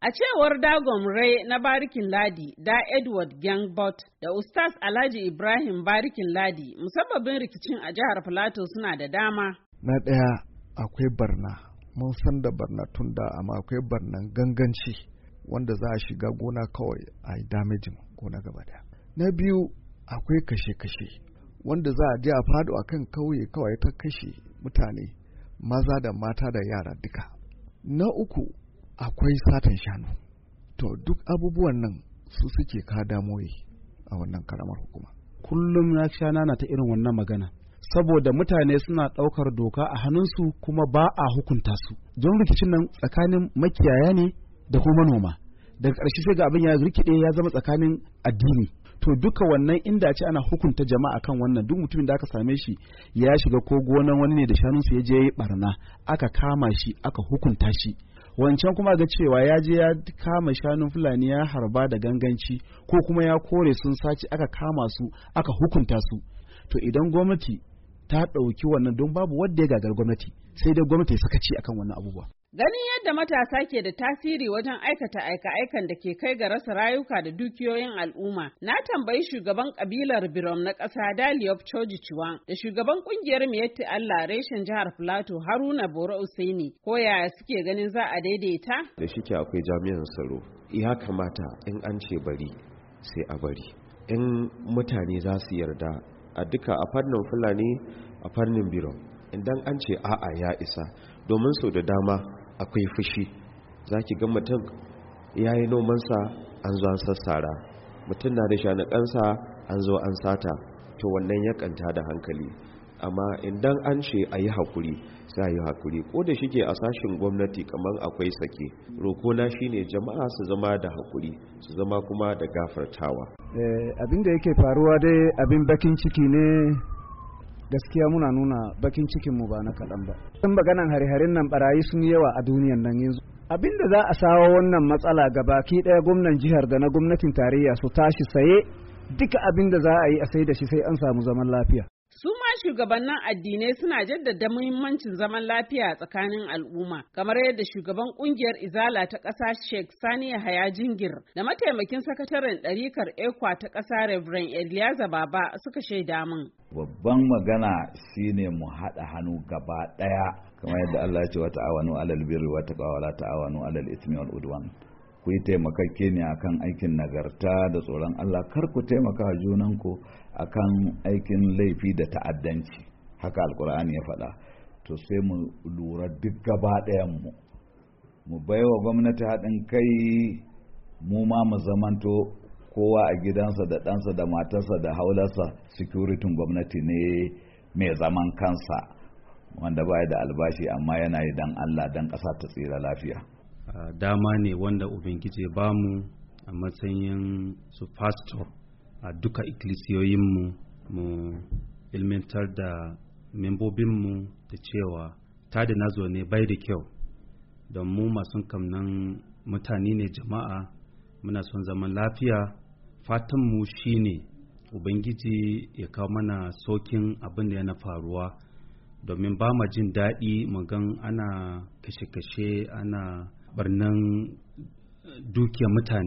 A cewar Dagon Ray na Barikin Ladi da Edward Gangbot da Ustaz Alhaji Ibrahim Barikin Ladi musabbabin rikicin a jihar Filato suna da dama. Na ɗaya akwai barna, mun san da barna tun da amma akwai barnan ganganci wanda za a shiga gona kawai a yi damejin gona gaba Na biyu akwai kashe-kashe wanda za a je a fado a kan kauye kawai ta kashe mutane maza da mata da yara duka. Na uku akwai satan shanu to duk abubuwan nan su suke ka damoyi a wannan karamar hukuma kullum na shana na ta irin wannan magana saboda mutane suna ɗaukar doka a hannunsu kuma ba a hukunta su don rikicin nan tsakanin makiyaya ne da kuma manoma daga ƙarshe sai ga abin ya rikide ya zama tsakanin addini to duka wannan inda ce ana hukunta jama'a kan wannan duk mutumin da aka same shi ya shiga ko gonan wani ne da shanunsa ya je ya barna aka kama shi aka hukunta shi wancan kuma ga cewa ya je ya kama shanun fulani ya harba da ganganci ko kuma ya kore sun sace aka kama su aka hukunta su to idan gwamnati ta ɗauki wannan don babu wanda ya gagar gwamnati sai dai gwamnati ya sakaci akan wannan abubuwa Ganin yadda matasa ke da tasiri wajen aikata aika-aikan da ke kai ga rasa rayuka da dukiyoyin al'umma, na tambayi shugaban kabilar Birom na ƙasa Daliop Choji Chiwan da shugaban ƙungiyar Miyatti Allah reshen jihar Filato Haruna Boro Usaini ko yaya suke ganin za a daidaita? Da shike akwai jami'an tsaro, ya kamata in an ce bari sai a bari. In mutane za su yarda a duka a fannin Fulani a fannin Birom idan an ce a'a ya isa domin sau da dama akwai fushi za ki ga mutum ya yi nomansa an zo an sassara mutum na da shanakansa an zo an sata to wannan ya kanta da hankali amma idan an ce a yi haƙuri sai a yi haƙuri ko da shige a sashen gwamnati kamar akwai sake rokona ne jama'a su zama da haƙuri su zama kuma da gafartawa eh, abin da yake faruwa dai abin bakin ciki ne gaskiya muna nuna bakin cikin mu ba na kaɗan ba sun maganan hare-haren nan barayi sun yawa a duniyan nan yanzu abin da za a sawo wannan matsala ga baki ɗaya gwamnan jihar da na gwamnatin tarayya su tashi saye duka abin da za a yi a sai da shi sai an samu zaman lafiya Su ma shugabannin addinai suna jaddada muhimmancin zaman lafiya tsakanin al'umma, kamar yadda shugaban kungiyar Izala ta ƙasa Sheikh Sani Yahaya Jingir da mataimakin sakataren ɗarikar Ekwa ta ƙasa revren Eliyaza Baba suka shaida min. Babban magana shine mu haɗa hannu gaba ɗaya kamar yadda Allah ya ce wata awanu alal birri wata ta ta'awanu alal ithmi wal udwan. ku yi taimakakke ne akan aikin nagarta da tsoron Allah kar ku taimaka junanku akan aikin laifi da ta'addanci haka alkur'ani ya faɗa to sai mu lura duk gaba ɗayanmu mu baiwa gwamnati haɗin kai mu ma mu zamanto kowa a gidansa da ɗansa da matarsa da haularsa sikuritin gwamnati ne mai zaman kansa wanda baya da albashi amma yana yi dan Allah dan ƙasa ta tsira lafiya dama ne wanda ubangiji ba mu a matsayin su pastor a duka ikkilisiyoyinmu mu ilmantar da membobinmu da cewa ta da nazo ne bai da kyau don mu masu kamnan mutane ne jama'a muna son zaman lafiya fatanmu ne ubangiji ya kawo mana sokin abin da yana faruwa domin ba ma jin daɗi gan ana kashe-kashe ana barnan dukiyar mutane